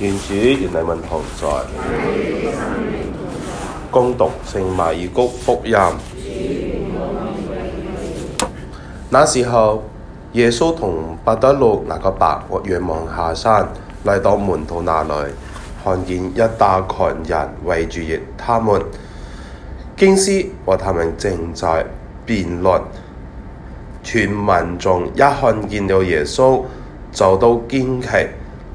原主原嚟問題在恭讀聖馬爾谷福音。那時候，耶穌同伯多祿雅各伯若望下山，嚟到門徒那裡，看見一大群人圍住佢，他們經師和他們正在辯論。全民眾一看見了耶穌，就都驚奇。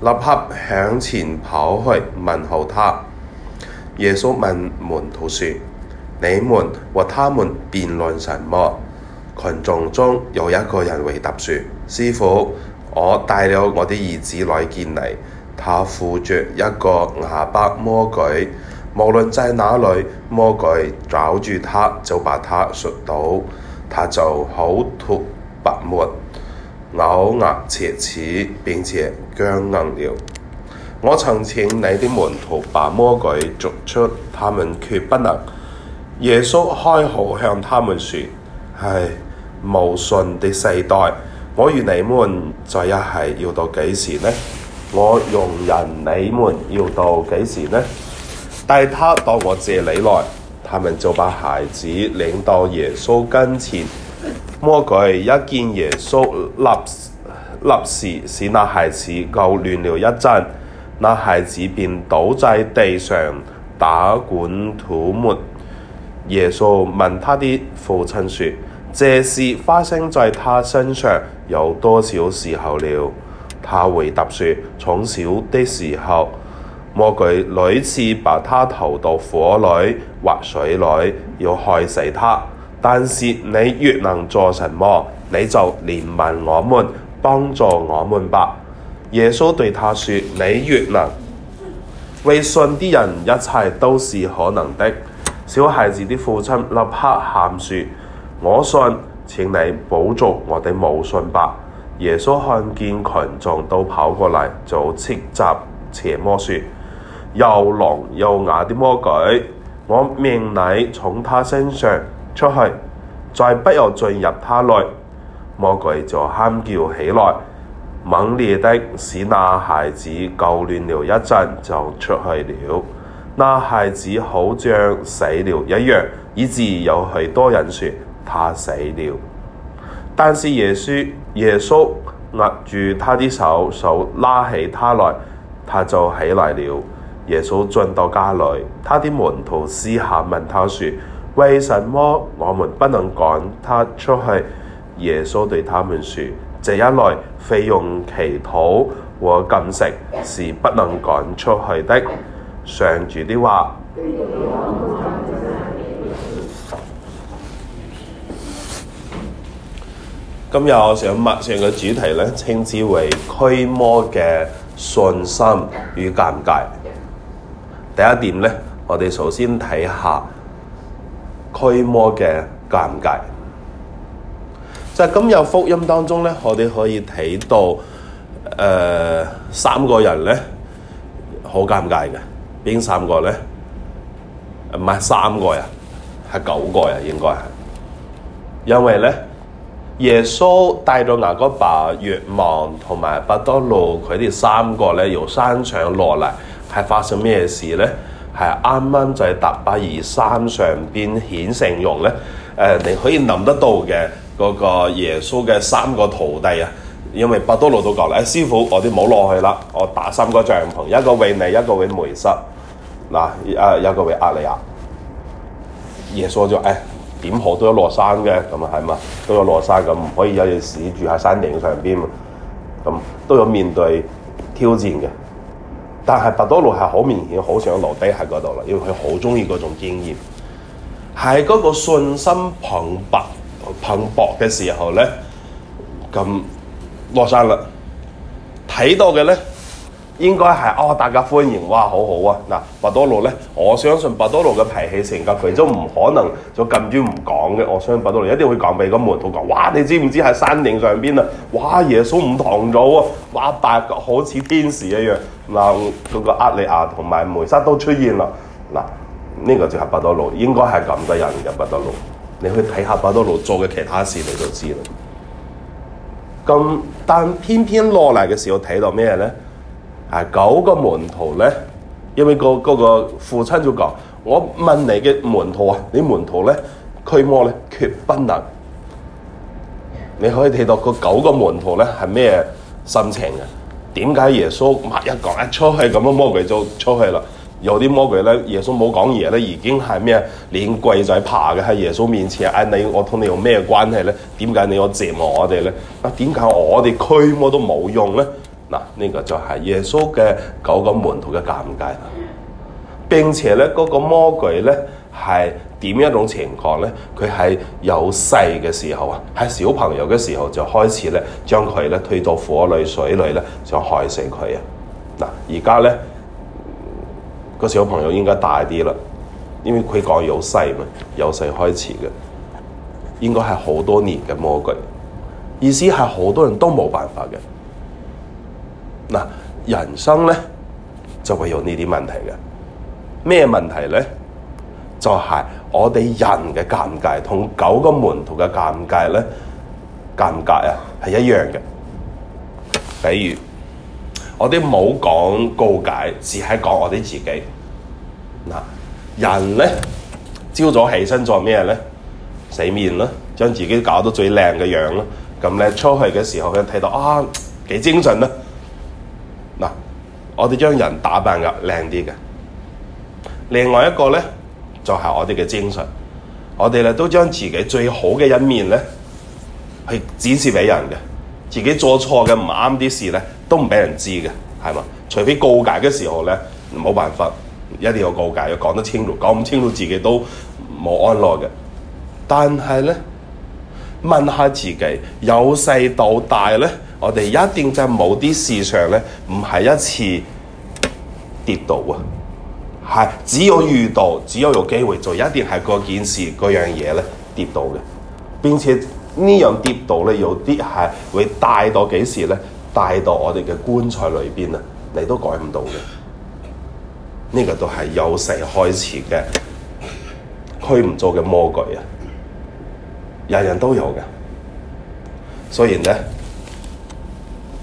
立刻向前跑去問候他。耶穌問門徒説：你們和他們辯論什麼？群眾中有一個人回答説：師傅，我帶了我的兒子見來見你，他附着一個啞巴魔鬼，無論在哪裏，魔鬼抓住他就把他摔倒，他就口吐白沫。咬牙切齒，並且僵硬了。我曾請你的門徒把魔鬼逐出，他們卻不能。耶穌開口向他們説：唉，無信的世代，我與你們在一起要到幾時呢？我容忍你們要到幾時呢？帶他到我這裏來，他們就把孩子領到耶穌跟前。魔鬼一見耶穌立立時，使那孩子夠亂了一陣，那孩子便倒在地上打滾吐沫。耶穌問他的父親說：這事發生在他身上有多少時候了？他回答說：從小的時候，魔鬼屢次把他投到火裏或水裏，要害死他。但是你越能做什麼，你就憐憫我們，幫助我們吧。耶穌對他說，你越能為信啲人，一切都是可能的。小孩子的父親立刻喊說，我信，請你補足我哋冇信吧。耶穌看見群眾都跑過嚟，就斥責邪魔，說，又聾又啞啲魔鬼，我命你從他身上出去，再不要進入他內，魔鬼就喊叫起來，猛烈的使那孩子夠亂了一陣就出去了。那孩子好像死了一樣，以致有許多人說他死了。但是耶穌耶穌握住他的手手拉起他來，他就起來了。耶穌進到家裡，他的門徒私下問他說。為什麼我們不能趕他出去？耶穌對他們說：這一來，費用、祈禱和禁食是不能趕出去的。上主的話。嗯、今日我想默想的主題咧，稱之為驅魔嘅信心與尷尬。第一點呢，我哋首先睇下。驅魔嘅尷尬，就係、是、今日福音當中咧，我哋可以睇到誒、呃、三個人咧好尷尬嘅，邊三個咧？唔係三個人，係九個人應該。因為咧，耶穌帶到雅各伯、若望同埋伯多祿，佢哋三個咧由山上落嚟，係發生咩事咧？係啱啱就係達巴爾山上邊顯聖容咧。誒，你可以諗得到嘅嗰個耶穌嘅三個徒弟啊。因為伯多祿都講啦，誒、哎，師傅，我哋唔好落去啦，我打三個帳篷，一個為你，一個為梅瑟，嗱，誒，一個為亞利亞。耶穌就誒，點好都有落山嘅，咁啊，係嘛，都有落山咁，唔可以有陣時住喺山頂上邊，咁都要面對挑戰嘅。但係伯多祿係好明顯，好想留低喺嗰度啦，因為佢好鍾意嗰種經驗。喺嗰個信心蓬勃蓬勃嘅時候咧，咁落山啦。睇到嘅咧，應該係哦，大家歡迎，哇，好好啊！嗱，伯多祿咧，我相信伯多祿嘅脾氣性格，佢都唔可能就咁樣唔講嘅。我相信伯多祿一定會講俾個門徒講。哇，你知唔知喺山頂上邊啊？哇，耶穌唔同咗啊，哇，大好似天使一樣。嗱，嗰個厄里亞同埋梅瑟都出現啦。嗱，呢個就係伯多祿，應該係咁多人嘅伯多祿。你去睇下伯多祿做嘅其他事，你就知啦。咁，但偏偏落嚟嘅時候睇到咩咧？啊，九個門徒呢？因為、嗰個、嗰個父親就講：我問你嘅門徒啊，你門徒呢？驅魔呢？決不能。你可以睇到個九個門徒呢係咩心情？點解耶穌乜一講一出去咁樣魔鬼就出去啦？有啲魔鬼咧，耶穌冇講嘢咧，已經係咩啊？連跪仔爬嘅喺耶穌面前，嗌、哎、你我同你有咩關係咧？點解你要折磨我哋咧？啊，點解我哋驅魔都冇用咧？嗱，呢個就係耶穌嘅九個門徒嘅尷尬啦。並且咧，嗰、那個魔鬼咧係。是點一種情況咧？佢喺有細嘅時候啊，喺小朋友嘅時候就開始咧，將佢咧推到火裏水裏咧，想害死佢啊！嗱，而家咧個小朋友應該大啲啦，因為佢講有細嘛，有細開始嘅，應該係好多年嘅魔鬼，意思係好多人都冇辦法嘅。嗱，人生咧就會有呢啲問題嘅，咩問題咧？就係。我哋人嘅尷尬同九個門徒嘅尷尬咧，尷尬啊，係一樣嘅。比如我哋冇講告解，只係講我哋自己。嗱，人咧朝早起身做咩咧？洗面咯，將自己搞到最靚嘅樣咯。咁咧出去嘅時候，佢睇到啊幾精神啦。嗱，我哋將人打扮嘅靚啲嘅。另外一個咧。就係我哋嘅精神，我哋咧都將自己最好嘅一面咧，去展示畀人嘅。自己做錯嘅唔啱啲事咧，都唔畀人知嘅，係嘛？除非告解嘅時候咧，冇辦法，一定要告解，要講得清楚，講唔清楚自己都冇安樂嘅。但係咧，問下自己，由細到大咧，我哋一定就某啲事上咧，唔係一次跌倒啊！係，只要遇到，只要有，有機會，做，一定係嗰件事、嗰樣嘢咧跌到嘅。並且這樣呢樣跌到咧，有啲係會帶到幾時咧？帶到我哋嘅棺材裏邊啊！你都改唔到嘅。呢、這個都係由細開始嘅，驅唔咗嘅魔鬼啊！人人都有嘅。雖然咧。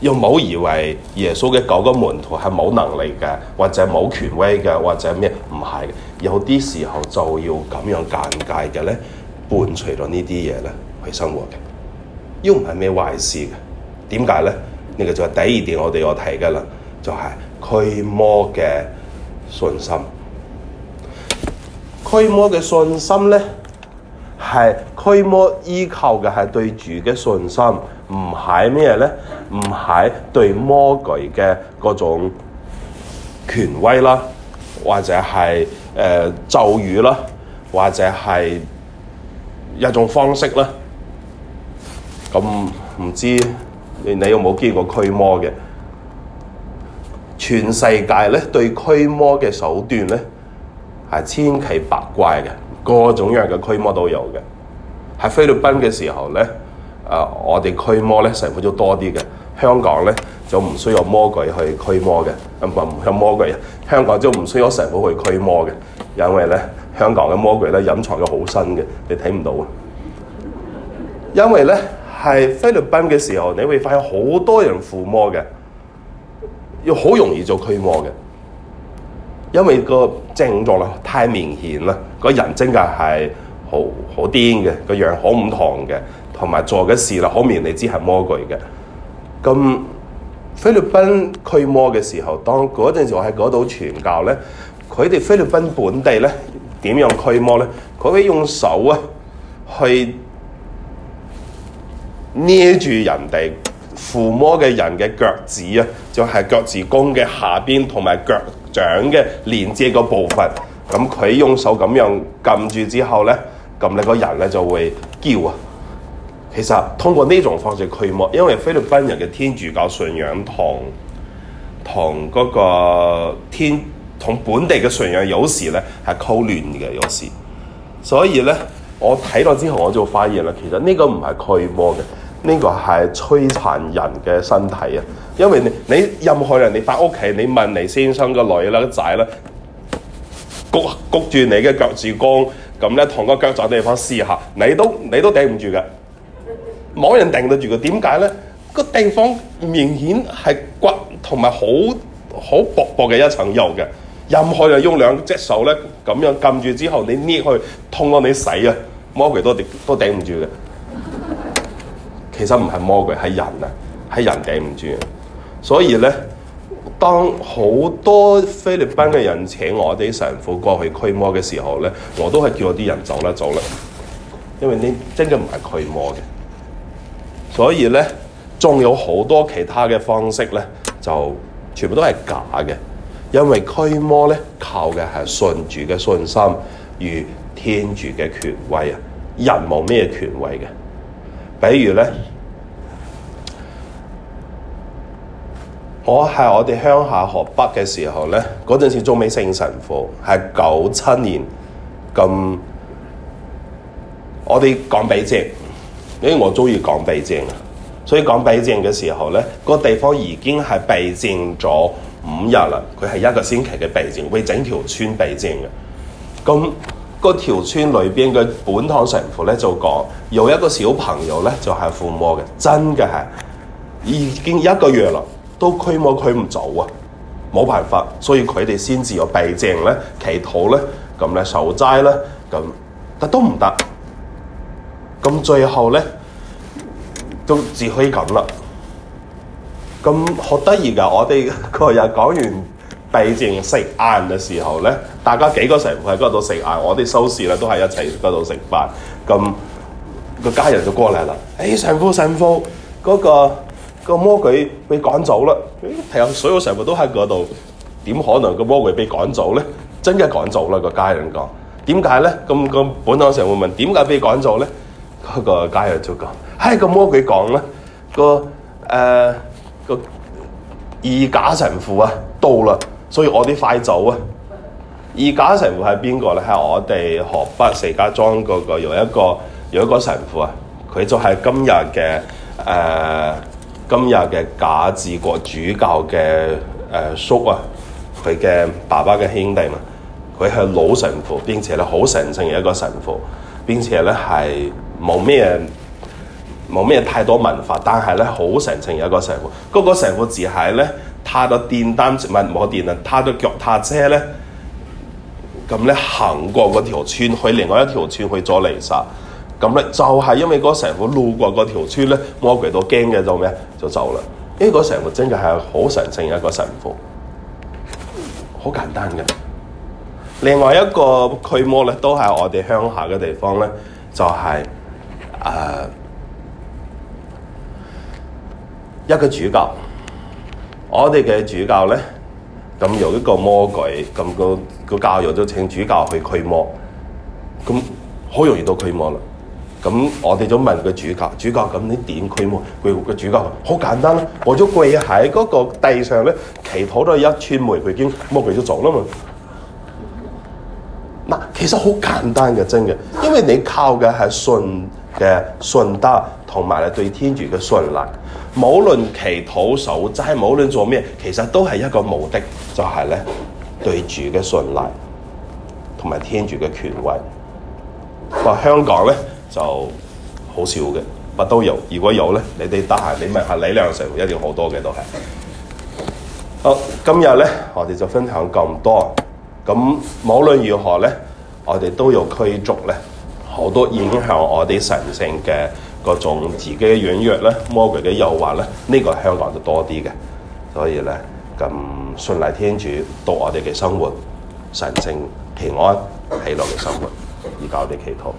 要冇以為耶穌嘅九個門徒係冇能力嘅，或者冇權威嘅，或者咩？唔係，有啲時候就要咁樣尷尬嘅咧，伴隨咗呢啲嘢咧去生活嘅，又唔係咩壞事嘅。點解咧？呢、這個就係第二點我哋要睇嘅啦，就係、是、驅魔嘅信心。驅魔嘅信心咧，係驅魔依靠嘅係對主嘅信心。唔係咩咧？唔係對魔鬼嘅嗰種權威啦，或者係誒、呃、咒語啦，或者係一種方式啦。咁唔知道你，你有冇見過驅魔嘅？全世界咧對驅魔嘅手段咧係千奇百怪嘅，各種各樣嘅驅魔都有嘅。喺菲律賓嘅時候咧。誒、呃，我哋驅魔咧，成本都多啲嘅。香港咧就唔需要魔鬼去驅魔嘅，唔唔有魔鬼嘅。香港就唔需要成本去驅魔嘅，因為咧香港嘅魔鬼咧隱藏咗好深嘅，你睇唔到嘅。因為咧係菲律賓嘅時候，你會發現好多人附魔嘅，要好容易做驅魔嘅，因為個症狀咧太明顯啦，個人真嘅係好好癲嘅，個樣好唔同嘅。同埋做嘅事啦，好明顯你知係魔鬼嘅。咁菲律賓驅魔嘅時候，當嗰陣時我喺嗰度傳教咧，佢哋菲律賓本地咧點樣驅魔咧？佢會用手啊，去捏住人哋附魔嘅人嘅腳趾啊，就係腳趾弓嘅下邊同埋腳掌嘅連接個部分。咁佢用手咁樣撳住之後咧，撳你個人咧就會叫啊！其實通過呢種方式驅魔，因為菲律賓人嘅天主教信仰同同嗰個天同本地嘅信仰有時咧係溝亂嘅，有時，所以咧我睇到之後我就發現啦，其實呢個唔係驅魔嘅，呢個係摧殘人嘅身體啊！因為你你任何人你返屋企，你問你先生個女啦仔啦，谷焗住你嘅腳趾公咁咧，同個腳趾地方試下，你都你都頂唔住嘅。冇人定得住嘅，點解咧？個地方明顯係骨同埋好好薄薄嘅一層油嘅。任何人用兩隻手咧咁樣撳住之後，你捏去痛到你死啊！魔鬼都頂都頂唔住嘅。其實唔係魔鬼，係人啊，係人頂唔住。所以咧，當好多菲律賓嘅人請我啲神父過去驅魔嘅時候咧，我都係叫我啲人走啦走啦，因為你真正唔係驅魔嘅。所以呢，仲有好多其他嘅方式呢，就全部都係假嘅。因為驅魔呢，靠嘅係信主嘅信心與天主嘅權威啊，人冇咩權威嘅。比如呢，我喺我哋鄉下河北嘅時候呢，嗰陣時仲未聖神父，係九七年咁，我哋講畀先。因為我中意講避靜，所以講避靜嘅時候咧，那個地方已經係避靜咗五日啦。佢係一個星期嘅避靜，會整條村避靜嘅。咁嗰條村裏邊嘅本堂神父咧就講，有一個小朋友咧就係、是、附魔嘅，真嘅係已經一個月啦，都驅魔驅唔走啊，冇辦法，所以佢哋先至有避靜咧、祈禱咧、咁咧守齋咧，咁但都唔得。咁最後咧都只可以咁啦。咁好得意噶，我哋嗰日講完避靜食晏嘅時候咧，大家幾個神父喺嗰度食晏，我哋收市啦，都喺一齊嗰度食飯。咁個家人就過嚟啦。誒、哎，神父神父，嗰、那個那個魔鬼被趕走啦！誒，係啊，所有神父都喺嗰度，點可能個魔鬼被趕走咧？真嘅趕走啦！個家人講點解咧？咁個本堂神父問點解被趕走咧？嗰、這個街人就講。喺、哎、個魔鬼講啦，這個誒、呃這個二假神父啊到啦，所以我哋快走啊！ 二假神父係邊個咧？係我哋河北石家莊嗰、那個有一個有一個神父啊，佢就係今日嘅誒今日嘅假治國主教嘅誒、呃、叔啊，佢嘅爸爸嘅兄弟嘛，佢係老神父，並且咧好神聖嘅一個神父，並且咧係。冇咩冇咩太多文化，但係咧好神聖一個神父。嗰、那個神父只係咧踏到電單唔係冇電啦，踏到腳踏車咧，咁咧行過嗰條村去另外一條村去咗彌撒。咁咧就係、是、因為嗰神父路過嗰條村咧，魔鬼到驚嘅，做咩就走啦？呢、這個神父真係係好神聖一個神父，好簡單嘅。另外一個驅魔咧，都係我哋鄉下嘅地方咧，就係、是。誒、uh, 一個主教，我哋嘅主教咧，咁有一個魔鬼，咁、那個個教友就請主教去驅魔，咁好容易都驅魔啦。咁我哋就問個主教，主教咁你點驅魔？佢個主教好簡單啦，我就跪喺嗰個地上咧，祈禱咗一串玫瑰經，魔鬼就走啦嘛。嗱，其實好簡單嘅，真嘅，因為你靠嘅係信。嘅信德同埋咧對天主嘅信賴，無論祈禱、守齋，無論做咩，其實都係一個目的，就係、是、咧對主嘅信賴，同埋天主嘅權威。香港咧就好少嘅，乜都有。如果有咧，你哋得閒你問下李量成，一定好多嘅都係。好，今日咧我哋就分享咁多。咁無論如何咧，我哋都有驅逐咧。好多影響我哋神聖嘅各種自己嘅軟弱咧，魔鬼嘅誘惑咧，呢、這個香港就多啲嘅，所以咧咁信賴天主，度我哋嘅生活神聖平安喜樂嘅生活，而教我哋祈禱。